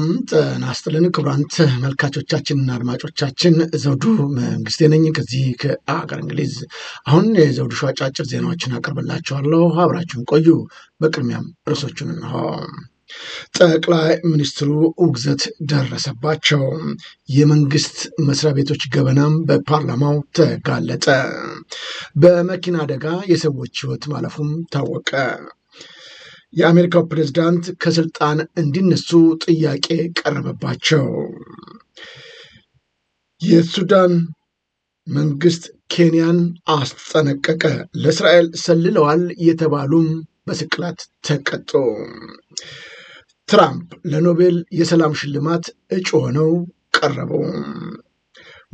ሰላም ጤና ይስጥልን ክቡራን ተመልካቾቻችንና አድማጮቻችን ዘውዱ መንግስቴ ነኝ ከዚህ ከአገር እንግሊዝ። አሁን የዘውዱ ሾው አጫጭር ዜናዎችን አቀርብላችኋለሁ፣ አብራችሁን ቆዩ። በቅድሚያም ርዕሶቹን እንሆ። ጠቅላይ ሚኒስትሩ ውግዘት ደረሰባቸው። የመንግስት መስሪያ ቤቶች ገበናም በፓርላማው ተጋለጠ። በመኪና አደጋ የሰዎች ህይወት ማለፉም ታወቀ። የአሜሪካው ፕሬዝዳንት ከስልጣን እንዲነሱ ጥያቄ ቀረበባቸው። የሱዳን መንግስት ኬንያን አስጠነቀቀ። ለእስራኤል ሰልለዋል የተባሉም በስቅላት ተቀጡ። ትራምፕ ለኖቤል የሰላም ሽልማት እጩ ሆነው ቀረቡ።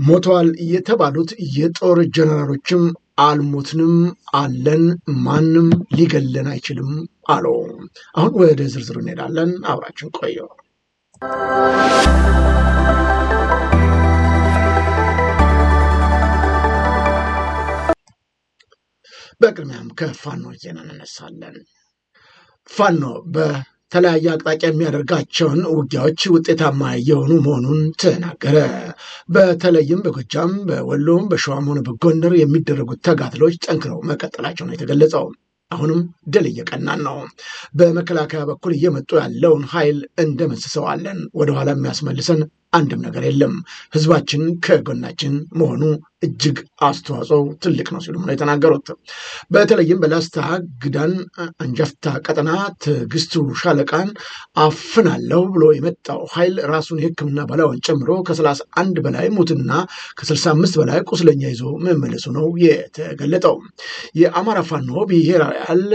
ሞተዋል የተባሉት የጦር ጀነራሎችም አልሞትንም አለን ማንም ሊገለን አይችልም አለው። አሁን ወደ ዝርዝሩ እንሄዳለን። አብራችን ቆየው። በቅድሚያም ከፋኖ ዜና እንነሳለን። ፋኖ በ የተለያየ አቅጣጫ የሚያደርጋቸውን ውጊያዎች ውጤታማ የሆኑ መሆኑን ተናገረ። በተለይም በጎጃም በወሎም በሸዋም ሆነ በጎንደር የሚደረጉት ተጋድሎች ጠንክረው መቀጠላቸው ነው የተገለጸው። አሁንም ድል እየቀናን ነው። በመከላከያ በኩል እየመጡ ያለውን ኃይል እንደመስሰዋለን። ወደኋላ የሚያስመልሰን አንድም ነገር የለም። ህዝባችን ከጎናችን መሆኑ እጅግ አስተዋጽኦ ትልቅ ነው ሲሉም ነው የተናገሩት። በተለይም በላስታ ግዳን አንጃፍታ ቀጠና ትዕግስቱ ሻለቃን አፍናለሁ ብሎ የመጣው ኃይል ራሱን የሕክምና ባለሙያን ጨምሮ ከሰላሳ አንድ በላይ ሙትና ከስልሳ አምስት በላይ ቁስለኛ ይዞ መመለሱ ነው የተገለጠው። የአማራ ፋኖ ብሔራዊ ኃይል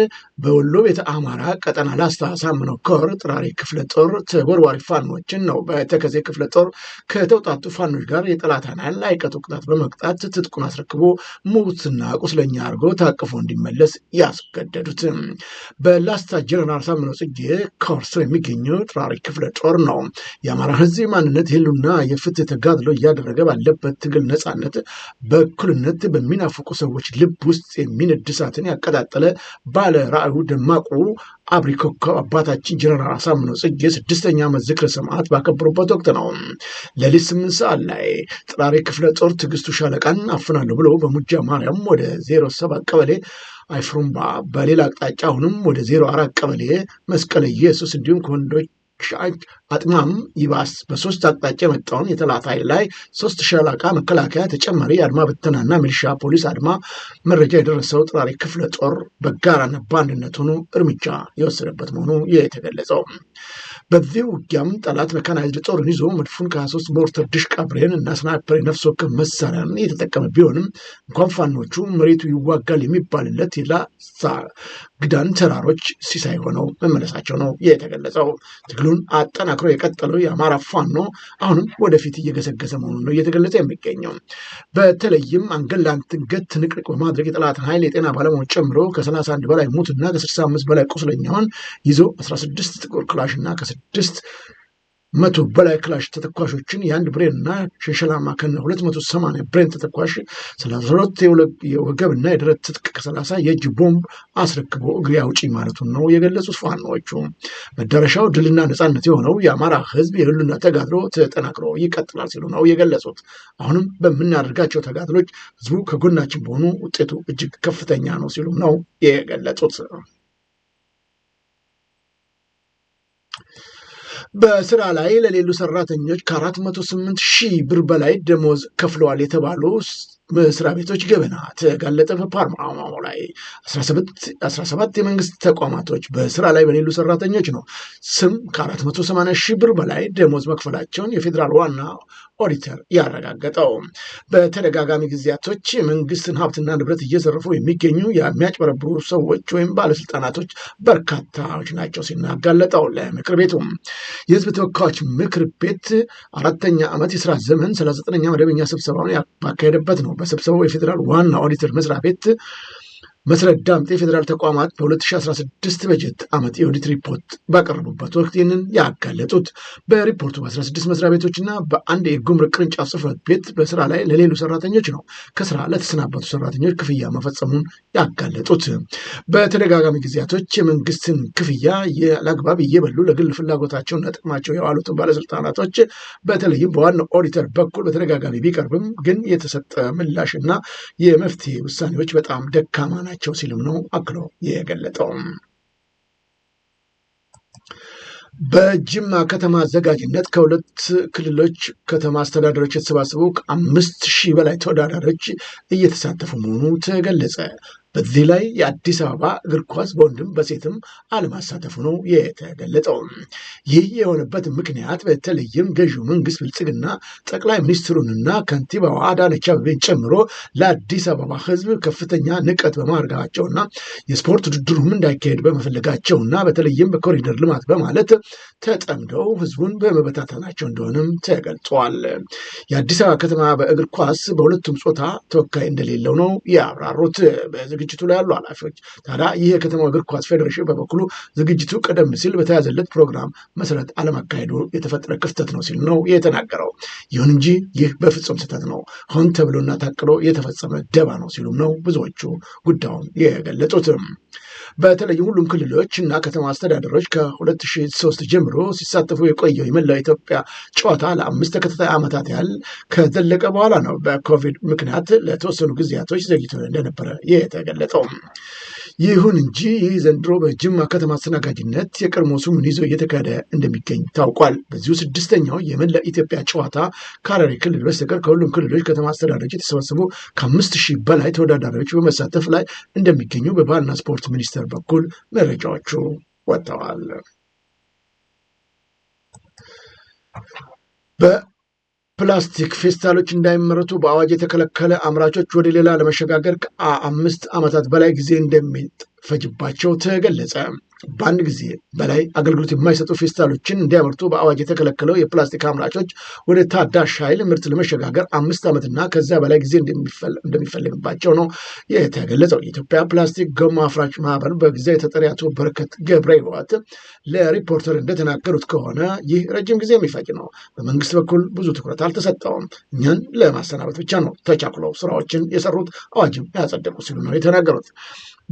በወሎ ቤተ አማራ ቀጠና ላስታ ሳምነው ኮር ጥራሪ ክፍለ ጦር ተወርዋሪ ፋኖችን ነው በተከዜ ክፍለ ጦር ከተውጣጡ ፋኖች ጋር የጠላት ኃይል አይቀጡ ቅጣት በመቅጣት አባላት ትጥቁን አስረክቦ ሙትና ቁስለኛ አድርጎ ታቅፎ እንዲመለስ ያስገደዱት በላስታ ጀነራል ሳምነው ጽጌ ከርሶ የሚገኘው ጥራሪ ክፍለ ጦር ነው። የአማራ ህዝብ ማንነት የህሉና የፍትህ ተጋድሎ እያደረገ ባለበት ትግል ነጻነት በእኩልነት በሚናፍቁ ሰዎች ልብ ውስጥ የሚነድሳትን ያቀጣጠለ ባለ ራዕዩ ደማቁ አብሪ ኮከብ አባታችን ጀነራል አሳምነው ጽጌ ስድስተኛ ዓመት ዝክረ ሰማዕት ባከበሩበት ወቅት ነው። ሌሊት ስምንት ሰዓት ላይ ጥራሬ ክፍለ ጦር ትዕግስቱ ሻለቃን አፍናለሁ ብሎ በሙጃ ማርያም ወደ ዜሮ ሰባት ቀበሌ አይፍሩምባ በሌላ አቅጣጫ አሁንም ወደ ዜሮ አራት ቀበሌ መስቀል ኢየሱስ እንዲሁም ከወንዶች ሻጭ አጥማም ይባስ በሶስት አቅጣጫ የመጣውን የጠላት ኃይል ላይ ሶስት ሻለቃ መከላከያ ተጨማሪ አድማ ብተናና ሚሊሻ ፖሊስ አድማ መረጃ የደረሰው ጥራሪ ክፍለ ጦር በጋራና በአንድነት ሆኖ እርምጃ የወሰደበት መሆኑ የተገለጸው በዚህ ውጊያም ጠላት መካናይዝድ ጦርን ይዞ መድፉን ከ23 ሞርተር ድሽቃ ብሬን እና ስናይፐር የነፍስ ወከፍ መሳሪያን የተጠቀመ ቢሆንም እንኳን ፋኖቹ መሬቱ ይዋጋል የሚባልለት የላሳ ግዳን ተራሮች ሲሳይ ሆነው መመለሳቸው ነው የተገለጸው። ትግሉን አጠናክሮ የቀጠለው የአማራ ፋኖ አሁንም ወደፊት እየገሰገሰ መሆኑን ነው እየተገለጸ የሚገኘው። በተለይም አንገት ለአንገት ትንቅንቅ በማድረግ የጠላትን ኃይል የጤና ባለሙያዎች ጨምሮ ከ31 በላይ ሙትና ከ65 በላይ ቁስለኛውን ይዞ 16 ጥቁር ክላሽና ስድስት መቶ በላይ ክላሽ ተተኳሾችን የአንድ ብሬን እና ሽንሸላ ማከል 280 ብሬን ተተኳሽ 32 የወገብ እና የደረት ትጥቅ ከ30 የእጅ ቦምብ አስረክቦ እግሬ አውጪ ማለቱን ነው የገለጹት። ፋኖዎቹ መዳረሻው ድልና ነፃነት የሆነው የአማራ ሕዝብ የህሉና ተጋድሎ ተጠናክሮ ይቀጥላል ሲሉ ነው የገለጹት። አሁንም በምናደርጋቸው ተጋድሎች ሕዝቡ ከጎናችን በሆኑ ውጤቱ እጅግ ከፍተኛ ነው ሲሉ ነው የገለጹት። በስራ ላይ ለሌሉ ሰራተኞች ከ408 ሺህ ብር በላይ ደሞዝ ከፍለዋል የተባሉ መስሪያ ቤቶች ገበና ተጋለጠ። በፓርላማው ላይ 17 የመንግስት ተቋማቶች በስራ ላይ በሌሉ ሰራተኞች ነው ስም ከ480 ሺህ ብር በላይ ደሞዝ መክፈላቸውን የፌዴራል ዋና ኦዲተር ያረጋገጠው በተደጋጋሚ ጊዜያቶች የመንግስትን ሀብትና ንብረት እየዘረፉ የሚገኙ የሚያጭበረብሩ ሰዎች ወይም ባለስልጣናቶች በርካታዎች ናቸው ሲል ለምክር ቤቱ የህዝብ ተወካዮች ምክር ቤት አራተኛ ዓመት የስራ ዘመን 39ኛ መደበኛ ስብሰባውን ባካሄደበት ነው። በሰብስበው የፌዴራል ዋና ኦዲተር መስሪያ ቤት መስረት ዳምጤ የፌዴራል ተቋማት በ2016 በጀት ዓመት የኦዲት ሪፖርት ባቀረቡበት ወቅት ይህንን ያጋለጡት በሪፖርቱ በ16 መስሪያ ቤቶችና በአንድ የጉምር ቅርንጫፍ ጽህፈት ቤት በስራ ላይ ለሌሉ ሰራተኞች ነው ከስራ ለተሰናበቱ ሰራተኞች ክፍያ መፈጸሙን ያጋለጡት። በተደጋጋሚ ጊዜያቶች የመንግስትን ክፍያ ያለአግባብ እየበሉ ለግል ፍላጎታቸውና ጥቅማቸው የዋሉትን ባለስልጣናቶች በተለይም በዋናው ኦዲተር በኩል በተደጋጋሚ ቢቀርብም ግን የተሰጠ ምላሽና የመፍትሄ ውሳኔዎች በጣም ደካማ ናቸው ሲልም ነው አክሎ የገለጠው። በጅማ ከተማ አዘጋጅነት ከሁለት ክልሎች ከተማ አስተዳደሮች የተሰባሰቡ ከአምስት ሺህ በላይ ተወዳዳሪዎች እየተሳተፉ መሆኑ ተገለጸ። በዚህ ላይ የአዲስ አበባ እግር ኳስ በወንድም በሴትም አለማሳተፉ ነው የተገለጠው ይህ የሆነበት ምክንያት በተለይም ገዢው መንግስት ብልጽግና ጠቅላይ ሚኒስትሩንና ከንቲባዋ አዳነች አቤቤን ጨምሮ ለአዲስ አበባ ህዝብ ከፍተኛ ንቀት በማድረጋቸውና የስፖርት ውድድሩም እንዳይካሄድ በመፈለጋቸውና በተለይም በኮሪደር ልማት በማለት ተጠምደው ህዝቡን በመበታተናቸው እንደሆነም ተገልጿል። የአዲስ አበባ ከተማ በእግር ኳስ በሁለቱም ጾታ ተወካይ እንደሌለው ነው ያብራሩት። ዝግጅቱ ላይ ያሉ ኃላፊዎች። ታዲያ ይህ የከተማ እግር ኳስ ፌዴሬሽን በበኩሉ ዝግጅቱ ቀደም ሲል በተያዘለት ፕሮግራም መሰረት አለማካሄዱ የተፈጠረ ክፍተት ነው ሲል ነው የተናገረው። ይሁን እንጂ ይህ በፍጹም ስህተት ነው፣ ሆን ተብሎና ታቅዶ የተፈጸመ ደባ ነው ሲሉም ነው ብዙዎቹ ጉዳዩን የገለጹትም። በተለይ ሁሉም ክልሎች እና ከተማ አስተዳደሮች ከ2003 ጀምሮ ሲሳተፉ የቆየው የመላው ኢትዮጵያ ጨዋታ ለአምስት ተከታታይ ዓመታት ያህል ከዘለቀ በኋላ ነው በኮቪድ ምክንያት ለተወሰኑ ጊዜያቶች ዘግይቶ እንደነበረ የተገለጠው። ይሁን እንጂ ይህ ዘንድሮ በጅማ ከተማ አስተናጋጅነት የቀድሞ ስሙን ይዞ እየተካሄደ እንደሚገኝ ታውቋል። በዚሁ ስድስተኛው የመላ ኢትዮጵያ ጨዋታ ከሐረሪ ክልል በስተቀር ከሁሉም ክልሎች ከተማ አስተዳደሮች የተሰበሰቡ ከአምስት ሺህ በላይ ተወዳዳሪዎች በመሳተፍ ላይ እንደሚገኙ በባህልና ስፖርት ሚኒስቴር በኩል መረጃዎቹ ወጥተዋል። ፕላስቲክ ፌስታሎች እንዳይመረቱ በአዋጅ የተከለከለ አምራቾች ወደ ሌላ ለመሸጋገር ከአምስት ዓመታት በላይ ጊዜ እንደሚጥ ፈጅባቸው ተገለጸ። በአንድ ጊዜ በላይ አገልግሎት የማይሰጡ ፌስታሎችን እንዲያመርቱ በአዋጅ የተከለከለው የፕላስቲክ አምራቾች ወደ ታዳሽ ኃይል ምርት ለመሸጋገር አምስት ዓመትና ከዚያ በላይ ጊዜ እንደሚፈልግባቸው ነው የተገለጸው። የኢትዮጵያ ፕላስቲክ ጎማ አፍራች ማህበር በጊዜ ተጠሪ አቶ በረከት ገብረ ህይወት ለሪፖርተር እንደተናገሩት ከሆነ ይህ ረጅም ጊዜ የሚፈጅ ነው። በመንግስት በኩል ብዙ ትኩረት አልተሰጠውም። እኛን ለማሰናበት ብቻ ነው ተቻኩለው ስራዎችን የሰሩት አዋጅም ያጸደቁ ሲሉ ነው የተናገሩት።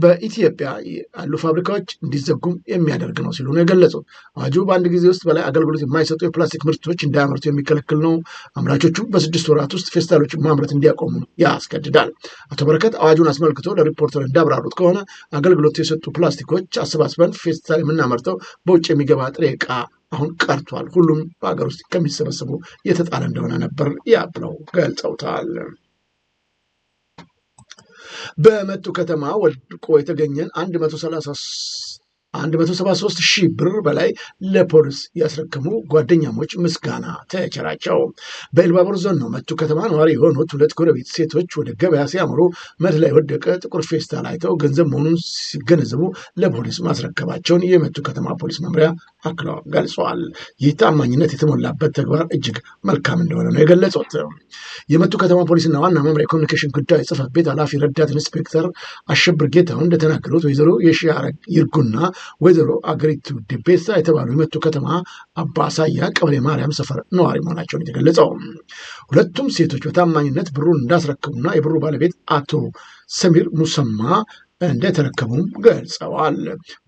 በኢትዮጵያ ያሉ ፋብሪካዎች እንዲዘጉም የሚያደርግ ነው ሲሉ ነው የገለጹት። አዋጁ በአንድ ጊዜ ውስጥ በላይ አገልግሎት የማይሰጡ የፕላስቲክ ምርቶች እንዳያመርቱ የሚከለክል ነው። አምራቾቹ በስድስት ወራት ውስጥ ፌስታሎች ማምረት እንዲያቆሙ ያስገድዳል። አቶ በረከት አዋጁን አስመልክቶ ለሪፖርተር እንዳብራሩት ከሆነ አገልግሎት የሰጡ ፕላስቲኮች አሰባስበን ፌስታል የምናመርተው በውጭ የሚገባ ጥሬ ዕቃ አሁን ቀርቷል። ሁሉም በሀገር ውስጥ ከሚሰበሰቡ የተጣለ እንደሆነ ነበር ያብለው ገልጸውታል። በመቱ ከተማ ወድቆ የተገኘን 136 173 ሺህ ብር በላይ ለፖሊስ ያስረከሙ ጓደኛሞች ምስጋና ተቸራቸው። በኤልባቦር ዞን ነው መቱ ከተማ ነዋሪ የሆኑት ሁለት ጎረቤት ሴቶች ወደ ገበያ ሲያምሩ መሬት ላይ ወደቀ ጥቁር ፌስታል አይተው ገንዘብ መሆኑን ሲገነዘቡ ለፖሊስ ማስረከባቸውን የመቱ ከተማ ፖሊስ መምሪያ አክለው ገልጸዋል። ይህ ታማኝነት የተሞላበት ተግባር እጅግ መልካም እንደሆነ ነው የገለጹት። የመቱ ከተማ ፖሊስና ዋና መምሪያ ኮሚኒኬሽን ጉዳይ ጽህፈት ቤት ኃላፊ ረዳት ኢንስፔክተር አሸብር ጌታው እንደተናገሩት ወይዘሮ የሺ ይርጉና ወይዘሮ አገሪቱ ዴቤሳ የተባሉ የመቱ ከተማ አባሳያ ቀበሌ ማርያም ሰፈር ነዋሪ መሆናቸውን የተገለጸው ሁለቱም ሴቶች በታማኝነት ብሩን እንዳስረከቡና የብሩ ባለቤት አቶ ሰሚር ሙሰማ እንደተረከቡም ገልጸዋል።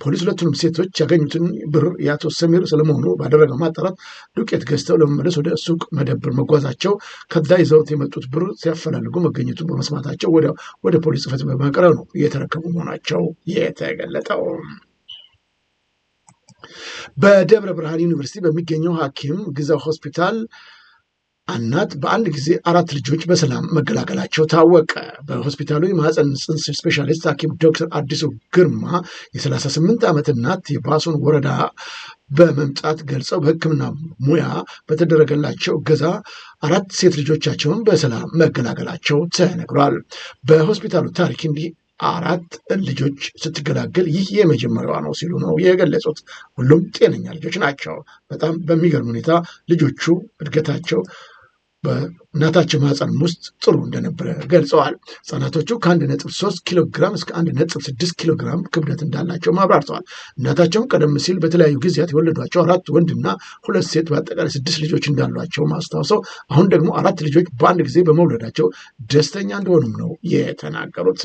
ፖሊስ ሁለቱንም ሴቶች ያገኙትን ብር የአቶ ሰሚር ስለመሆኑ ባደረገው ማጣራት ዱቄት ገዝተው ለመመለስ ወደ ሱቅ መደብር መጓዛቸው ከዛ ይዘውት የመጡት ብር ሲያፈላልጉ መገኘቱን በመስማታቸው ወደ ፖሊስ ጽሕፈት በመቅረብ ነው የተረከቡ መሆናቸው የተገለጠው። በደብረ ብርሃን ዩኒቨርሲቲ በሚገኘው ሐኪም ግዛው ሆስፒታል እናት በአንድ ጊዜ አራት ልጆች በሰላም መገላገላቸው ታወቀ። በሆስፒታሉ የማህፀን ጽንስ ስፔሻሊስት ሐኪም ዶክተር አዲሱ ግርማ የ38 ዓመት እናት የባሶን ወረዳ በመምጣት ገልጸው በሕክምና ሙያ በተደረገላቸው እገዛ አራት ሴት ልጆቻቸውን በሰላም መገላገላቸው ተነግሯል። በሆስፒታሉ ታሪክ እንዲህ አራት ልጆች ስትገላገል ይህ የመጀመሪያዋ ነው ሲሉ ነው የገለጹት። ሁሉም ጤነኛ ልጆች ናቸው። በጣም በሚገርም ሁኔታ ልጆቹ እድገታቸው በእናታቸው ማህፀን ውስጥ ጥሩ እንደነበረ ገልጸዋል። ህጻናቶቹ ከ1.3 ኪሎ ግራም እስከ 1.6 ኪሎ ግራም ክብደት እንዳላቸው አብራርተዋል። እናታቸውም ቀደም ሲል በተለያዩ ጊዜያት የወለዷቸው አራት ወንድና ሁለት ሴት በአጠቃላይ ስድስት ልጆች እንዳሏቸው ማስታውሰው አሁን ደግሞ አራት ልጆች በአንድ ጊዜ በመውለዳቸው ደስተኛ እንደሆኑም ነው የተናገሩት።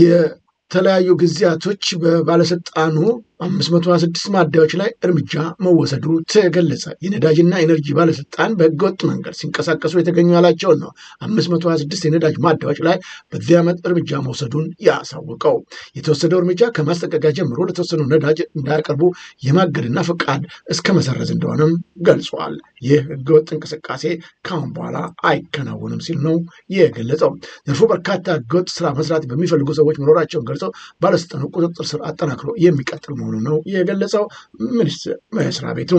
የተለያዩ ጊዜያቶች በባለስልጣኑ 526 ማደያዎች ላይ እርምጃ መወሰዱ ተገለጸ። የነዳጅና ኤነርጂ ባለስልጣን በህገወጥ መንገድ ሲንቀሳቀሱ የተገኙ ያላቸውን ነው 526 የነዳጅ ማደያዎች ላይ በዚህ ዓመት እርምጃ መውሰዱን ያሳውቀው። የተወሰደው እርምጃ ከማስጠንቀቂያ ጀምሮ ለተወሰኑ ነዳጅ እንዳያቀርቡ የማገድና ፈቃድ እስከ መሰረዝ እንደሆነም ገልጿል። ይህ ህገወጥ እንቅስቃሴ ከአሁን በኋላ አይከናወንም ሲል ነው የገለጸው። ዘርፉ በርካታ ህገወጥ ስራ መስራት በሚፈልጉ ሰዎች መኖራቸውን ገልጸው ባለስልጣኑ ቁጥጥር ስር አጠናክሮ የሚቀጥል መሆኑ መሆኑ ነው የገለጸው ሚኒስቴር መስሪያ ቤቱ።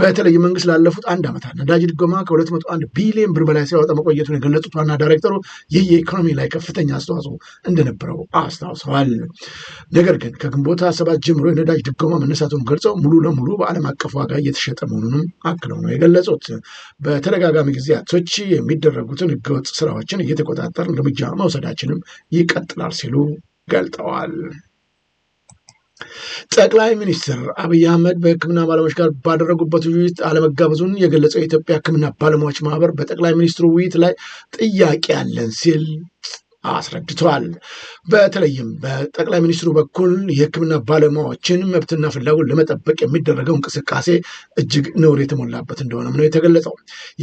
በተለይ መንግስት ላለፉት አንድ ዓመታት ነዳጅ ድጎማ ከ201 ቢሊዮን ብር በላይ ሲያወጣ መቆየቱን የገለጹት ዋና ዳይሬክተሩ ይህ የኢኮኖሚ ላይ ከፍተኛ አስተዋጽኦ እንደነበረው አስታውሰዋል። ነገር ግን ከግንቦት ሰባት ጀምሮ የነዳጅ ድጎማ መነሳቱን ገልጸው ሙሉ ለሙሉ በዓለም አቀፍ ዋጋ እየተሸጠ መሆኑንም አክለው ነው የገለጹት። በተደጋጋሚ ጊዜያቶች የሚደረጉትን ህገወጥ ስራዎችን እየተቆጣጠር እርምጃ መውሰዳችንም ይቀጥላል ሲሉ ገልጠዋል። ጠቅላይ ሚኒስትር አብይ አህመድ በሕክምና ባለሙያዎች ጋር ባደረጉበት ውይይት አለመጋበዙን የገለጸው የኢትዮጵያ ሕክምና ባለሙያዎች ማህበር በጠቅላይ ሚኒስትሩ ውይይት ላይ ጥያቄ አለን ሲል አስረድቷል። በተለይም በጠቅላይ ሚኒስትሩ በኩል የሕክምና ባለሙያዎችን መብትና ፍላጎት ለመጠበቅ የሚደረገው እንቅስቃሴ እጅግ ነውር የተሞላበት እንደሆነም ነው የተገለጸው።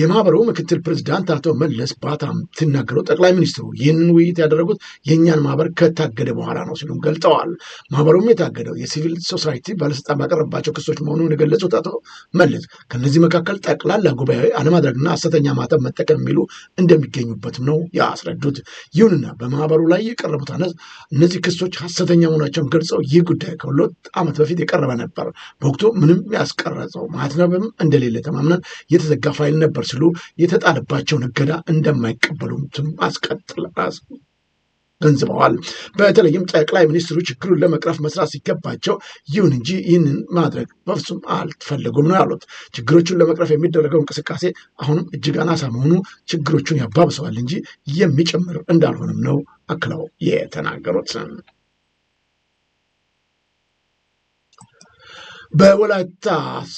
የማህበሩ ምክትል ፕሬዚዳንት አቶ መለስ ባታም ሲናገሩ ጠቅላይ ሚኒስትሩ ይህንን ውይይት ያደረጉት የእኛን ማህበር ከታገደ በኋላ ነው ሲሉም ገልጠዋል። ማህበሩም የታገደው የሲቪል ሶሳይቲ ባለስልጣን ባቀረባቸው ክሶች መሆኑን የገለጹት አቶ መለስ ከእነዚህ መካከል ጠቅላላ ጉባኤ አለማድረግና ሐሰተኛ ማተብ መጠቀም የሚሉ እንደሚገኙበትም ነው ያስረዱት። ይሁንና ሆነ በማህበሩ ላይ የቀረቡት እነዚህ ክሶች ሀሰተኛ መሆናቸውን ገልጸው ይህ ጉዳይ ከሁለት ዓመት በፊት የቀረበ ነበር። በወቅቱ ምንም ያስቀረጸው ማትነብም እንደሌለ ተማምነን የተዘጋ ፋይል ነበር ሲሉ የተጣለባቸውን እገዳ እንደማይቀበሉትም አስቀጥል ገንዝበዋል። በተለይም ጠቅላይ ሚኒስትሩ ችግሩን ለመቅረፍ መስራት ሲገባቸው፣ ይሁን እንጂ ይህንን ማድረግ በፍጹም አልፈለጉም ነው ያሉት። ችግሮቹን ለመቅረፍ የሚደረገው እንቅስቃሴ አሁንም እጅግ አናሳ መሆኑ ችግሮቹን ያባብሰዋል እንጂ የሚጨምር እንዳልሆነም ነው አክለው የተናገሩት። በወላይታ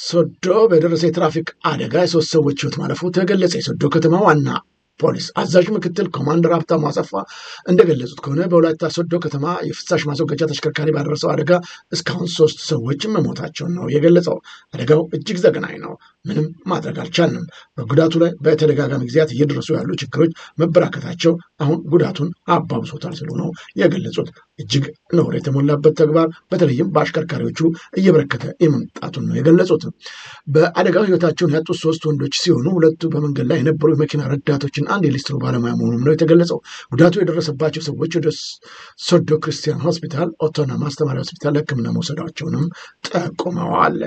ሶዶ በደረሰ የትራፊክ አደጋ የሶስት ሰዎች ህይወት ማለፉ ተገለጸ። የሶዶ ከተማ ዋና ፖሊስ አዛዥ ምክትል ኮማንደር ሀብታ ማሰፋ እንደገለጹት ከሆነ በወላይታ ሶዶ ከተማ የፍሳሽ ማስወገጃ ተሽከርካሪ ባደረሰው አደጋ እስካሁን ሶስት ሰዎች መሞታቸውን ነው የገለጸው። አደጋው እጅግ ዘግናኝ ነው። ምንም ማድረግ አልቻልንም። በጉዳቱ ላይ በተደጋጋሚ ጊዜያት እየደረሱ ያሉ ችግሮች መበራከታቸው አሁን ጉዳቱን አባብሶታል ሲሉ ነው የገለጹት። እጅግ ነውር የተሞላበት ተግባር በተለይም በአሽከርካሪዎቹ እየበረከተ የመምጣቱን ነው የገለጹት። በአደጋው ህይወታቸውን ያጡት ሶስት ወንዶች ሲሆኑ ሁለቱ በመንገድ ላይ የነበሩ የመኪና ረዳቶችን አንድ የሊስትሮ ባለሙያ መሆኑም ነው የተገለጸው። ጉዳቱ የደረሰባቸው ሰዎች ወደ ሶዶ ክርስቲያን ሆስፒታል፣ ኦቶና ማስተማሪያ ሆስፒታል ለህክምና መውሰዳቸውንም ጠቁመዋል።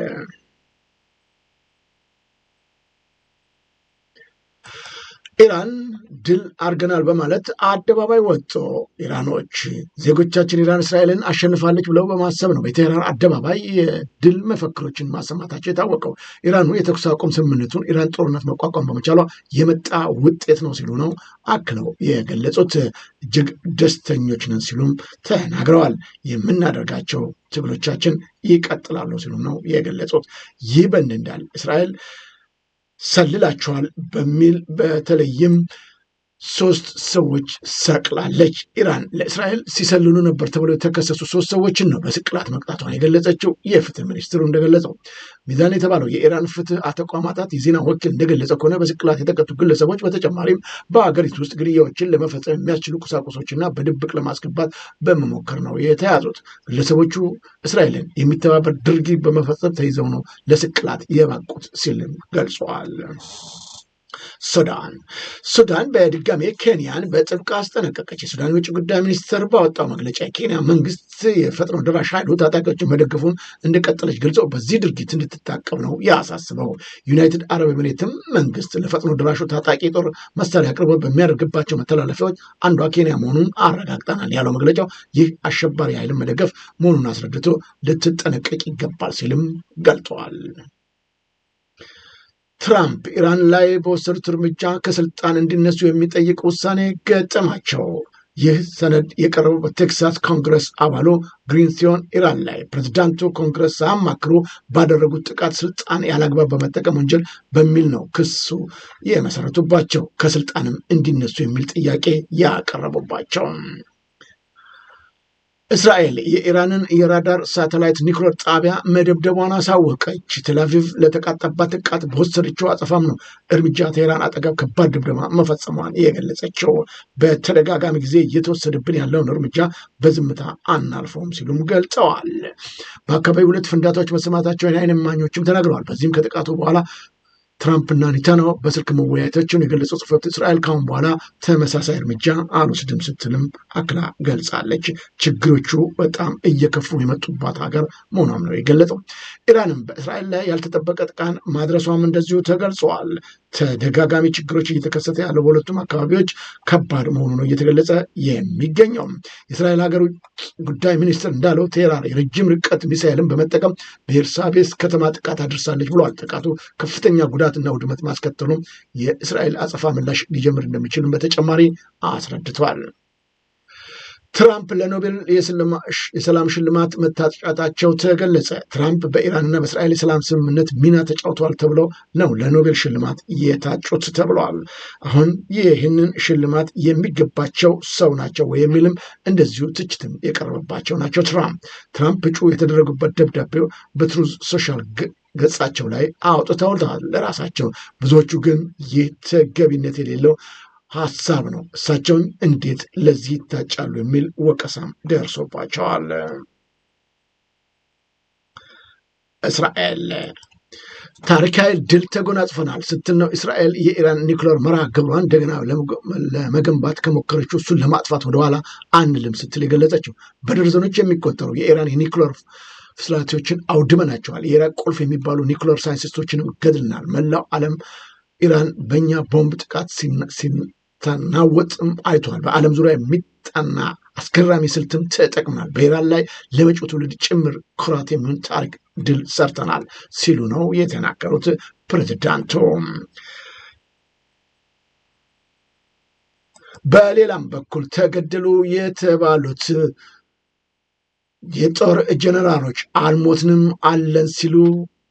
ኢራን ድል አድርገናል በማለት አደባባይ ወጥቶ ኢራኖች ዜጎቻችን ኢራን እስራኤልን አሸንፋለች ብለው በማሰብ ነው በቴህራን አደባባይ የድል መፈክሮችን ማሰማታቸው የታወቀው። ኢራኑ የተኩስ አቁም ስምምነቱን ኢራን ጦርነት መቋቋም በመቻሏ የመጣ ውጤት ነው ሲሉ ነው አክለው የገለጹት። እጅግ ደስተኞች ነን ሲሉም ተናግረዋል። የምናደርጋቸው ትግሎቻችን ይቀጥላሉ ሲሉም ነው የገለጹት። ይህ በእንዲህ እንዳለ እስራኤል ሰልላቸዋል በሚል በተለይም ሶስት ሰዎች ሰቅላለች። ኢራን ለእስራኤል ሲሰልሉ ነበር ተብለው የተከሰሱ ሶስት ሰዎችን ነው በስቅላት መቅጣቷን የገለጸችው። የፍትህ ሚኒስትሩ እንደገለጸው ሚዛን የተባለው የኢራን ፍትህ አተቋማጣት የዜና ወኪል እንደገለጸ ከሆነ በስቅላት የተቀጡ ግለሰቦች በተጨማሪም በአገሪቱ ውስጥ ግድያዎችን ለመፈጸም የሚያስችሉ ቁሳቁሶችና በድብቅ ለማስገባት በመሞከር ነው የተያዙት። ግለሰቦቹ እስራኤልን የሚተባበር ድርጊት በመፈጸም ተይዘው ነው ለስቅላት የባቁት ሲልም ገልጸዋል። ሱዳን ሱዳን በድጋሜ ኬንያን በጥብቅ አስጠነቀቀች። የሱዳን የውጭ ጉዳይ ሚኒስትር ባወጣው መግለጫ የኬንያ መንግስት የፈጥኖ ደራሽ ኃይሉ ታጣቂዎችን መደገፉን እንደቀጠለች ገልጾ በዚህ ድርጊት እንድትታቀብ ነው ያሳስበው። ዩናይትድ አረብ ኤሚሬትም መንግስት ለፈጥኖ ደራሹ ታጣቂ ጦር መሳሪያ ቅርቦ በሚያደርግባቸው መተላለፊያዎች አንዷ ኬንያ መሆኑን አረጋግጠናል ያለው መግለጫው ይህ አሸባሪ ኃይልን መደገፍ መሆኑን አስረድቶ ልትጠነቀቅ ይገባል ሲልም ገልጠዋል። ትራምፕ ኢራን ላይ በወሰዱት እርምጃ ከስልጣን እንዲነሱ የሚጠይቅ ውሳኔ ገጠማቸው። ይህ ሰነድ የቀረበው በቴክሳስ ኮንግረስ አባሉ ግሪን ሲሆን ኢራን ላይ ፕሬዚዳንቱ ኮንግረስ ሳያማክሩ ባደረጉት ጥቃት ስልጣን ያላግባብ በመጠቀም ወንጀል በሚል ነው ክሱ የመሰረቱባቸው፣ ከስልጣንም እንዲነሱ የሚል ጥያቄ ያቀረቡባቸው። እስራኤል የኢራንን የራዳር ሳተላይት ኒውክሌር ጣቢያ መደብደቧን አሳወቀች። ቴላቪቭ ለተቃጠባት ጥቃት በወሰደችው አጸፋም ነው እርምጃ ቴህራን አጠገብ ከባድ ድብደባ መፈጸሟን የገለጸችው። በተደጋጋሚ ጊዜ እየተወሰደብን ያለውን እርምጃ በዝምታ አናልፈውም ሲሉም ገልጸዋል። በአካባቢ ሁለት ፍንዳታዎች መሰማታቸውን የዓይን እማኞችም ተናግረዋል። በዚህም ከጥቃቱ በኋላ ትራምፕና ኔታንያሁ በስልክ መወያየታቸውን የገለጸው ጽሕፈት እስራኤል ካሁን በኋላ ተመሳሳይ እርምጃ አልወስድም ስትልም አክላ ገልጻለች። ችግሮቹ በጣም እየከፉ የመጡባት ሀገር መሆኗም ነው የገለጠው። ኢራንም በእስራኤል ላይ ያልተጠበቀ ጥቃት ማድረሷም እንደዚሁ ተገልጸዋል። ተደጋጋሚ ችግሮች እየተከሰተ ያለው በሁለቱም አካባቢዎች ከባድ መሆኑ ነው እየተገለጸ የሚገኘው። የእስራኤል ሀገር ውጭ ጉዳይ ሚኒስትር እንዳለው ቴህራን የረጅም ርቀት ሚሳይልን በመጠቀም በኤርሳቤስ ከተማ ጥቃት አድርሳለች ብለዋል። ጥቃቱ ከፍተኛ ጉዳት ጉዳትና ውድመት ማስከተሉም የእስራኤል አጸፋ ምላሽ ሊጀምር እንደሚችል በተጨማሪ አስረድተዋል። ትራምፕ ለኖቤል የሰላም ሽልማት መታጫታቸው ተገለጸ። ትራምፕ በኢራንና በእስራኤል የሰላም ስምምነት ሚና ተጫውተዋል ተብሎ ነው ለኖቤል ሽልማት የታጩት ተብለዋል። አሁን ይህንን ሽልማት የሚገባቸው ሰው ናቸው ወይ የሚልም እንደዚሁ ትችትም የቀረበባቸው ናቸው። ትራምፕ ትራምፕ እጩ የተደረጉበት ደብዳቤው በትሩዝ ሶሻል ገጻቸው ላይ አውጥተውታል ለራሳቸው። ብዙዎቹ ግን ይህ ተገቢነት የሌለው ሀሳብ ነው፣ እሳቸውን እንዴት ለዚህ ይታጫሉ የሚል ወቀሳም ደርሶባቸዋል። እስራኤል ታሪካዊ ድል ተጎናጽፈናል ስትል ነው እስራኤል የኢራን ኒውክሌር መርሃ ግብሯን እንደገና ለመገንባት ከሞከረችው እሱን ለማጥፋት ወደኋላ አንልም ስትል የገለጸችው በደርዘኖች የሚቆጠሩ የኢራን የኒውክሌር ፍላቴዎችን አውድመናቸዋል። የኢራቅ ቁልፍ የሚባሉ ኒኩለር ሳይንቲስቶችንም ገድልናል። መላው ዓለም ኢራን በእኛ ቦምብ ጥቃት ሲናወጥም አይተዋል። በዓለም ዙሪያ የሚጠና አስገራሚ ስልትም ተጠቅመናል። በኢራን ላይ ለመጪው ትውልድ ጭምር ኩራት የሚሆን ታሪክ ድል ሰርተናል ሲሉ ነው የተናገሩት ፕሬዚዳንቱ። በሌላም በኩል ተገደሉ የተባሉት የጦር ጀነራሎች አልሞትንም አለን ሲሉ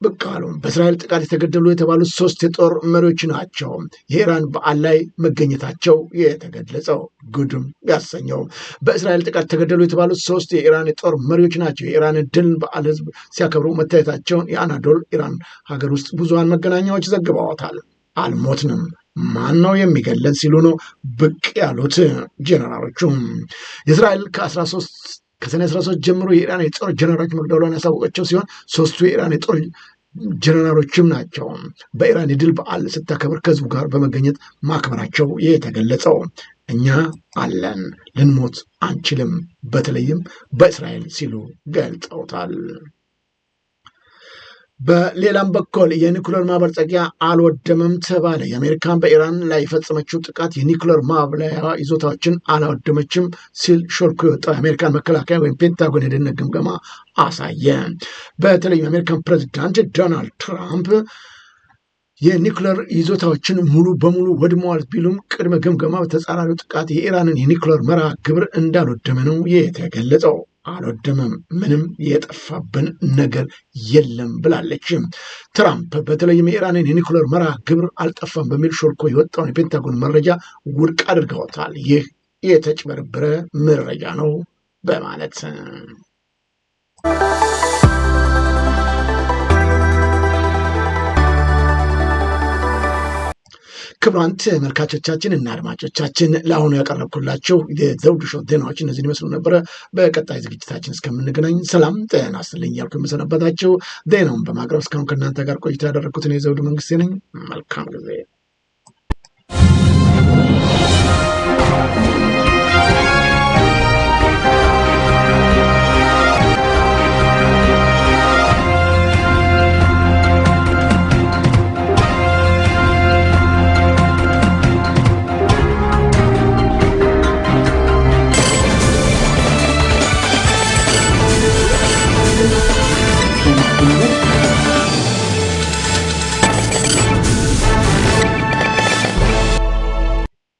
ብቅ አሉ። በእስራኤል ጥቃት የተገደሉ የተባሉት ሶስት የጦር መሪዎች ናቸው የኢራን በዓል ላይ መገኘታቸው የተገለጸው። ጉድም ያሰኘው በእስራኤል ጥቃት የተገደሉ የተባሉት ሶስት የኢራን የጦር መሪዎች ናቸው የኢራን ድል በዓል ህዝብ ሲያከብሩ መታየታቸውን የአናዶል ኢራን ሀገር ውስጥ ብዙሃን መገናኛዎች ዘግበዋታል። አልሞትንም ማን ነው የሚገለን ሲሉ ነው ብቅ ያሉት ጀነራሎቹ። የእስራኤል ከአስራ ሶስት ከሰኔ 13 ጀምሮ የኢራን የጦር ጀነራሎች መግደሏን ያሳወቀቸው ሲሆን ሶስቱ የኢራን የጦር ጀነራሎችም ናቸው በኢራን የድል በዓል ስታከብር ከህዝቡ ጋር በመገኘት ማክበራቸው የተገለጸው። እኛ አለን ልንሞት አንችልም፣ በተለይም በእስራኤል ሲሉ ገልጸውታል። በሌላም በኩል የኒኩለር ማበልጸጊያ አልወደመም ተባለ። የአሜሪካን በኢራን ላይ የፈጸመችው ጥቃት የኒኩለር ማብለያ ይዞታዎችን አላወደመችም ሲል ሾልኮ የወጣው የአሜሪካን መከላከያ ወይም ፔንታጎን የደህንነት ግምገማ አሳየ። በተለይም የአሜሪካን ፕሬዚዳንት ዶናልድ ትራምፕ የኒኩለር ይዞታዎችን ሙሉ በሙሉ ወድመዋል ቢሉም ቅድመ ግምገማ በተጻራሪው ጥቃት የኢራንን የኒኩለር መርሃ ግብር እንዳልወደመ ነው የተገለጸው። አልወደመም፣ ምንም የጠፋብን ነገር የለም ብላለች። ትራምፕ በተለይም የኢራንን የኒኩለር መርሃ ግብር አልጠፋም በሚል ሾልኮ የወጣውን የፔንታጎን መረጃ ውድቅ አድርገውታል። ይህ የተጭበረበረ መረጃ ነው በማለት ክቡራን ተመልካቾቻችን እና አድማጮቻችን ለአሁኑ ያቀረብኩላቸው የዘውዱ ሾው ዜናዎች እነዚህን ይመስሉ ነበረ። በቀጣይ ዝግጅታችን እስከምንገናኝ ሰላም ጤና ይስጥልኝ እያልኩ የምሰናበታችሁ ዜናውን በማቅረብ እስካሁን ከእናንተ ጋር ቆይታ ያደረግኩትን የዘውድ መንግስቴ ነኝ። መልካም ጊዜ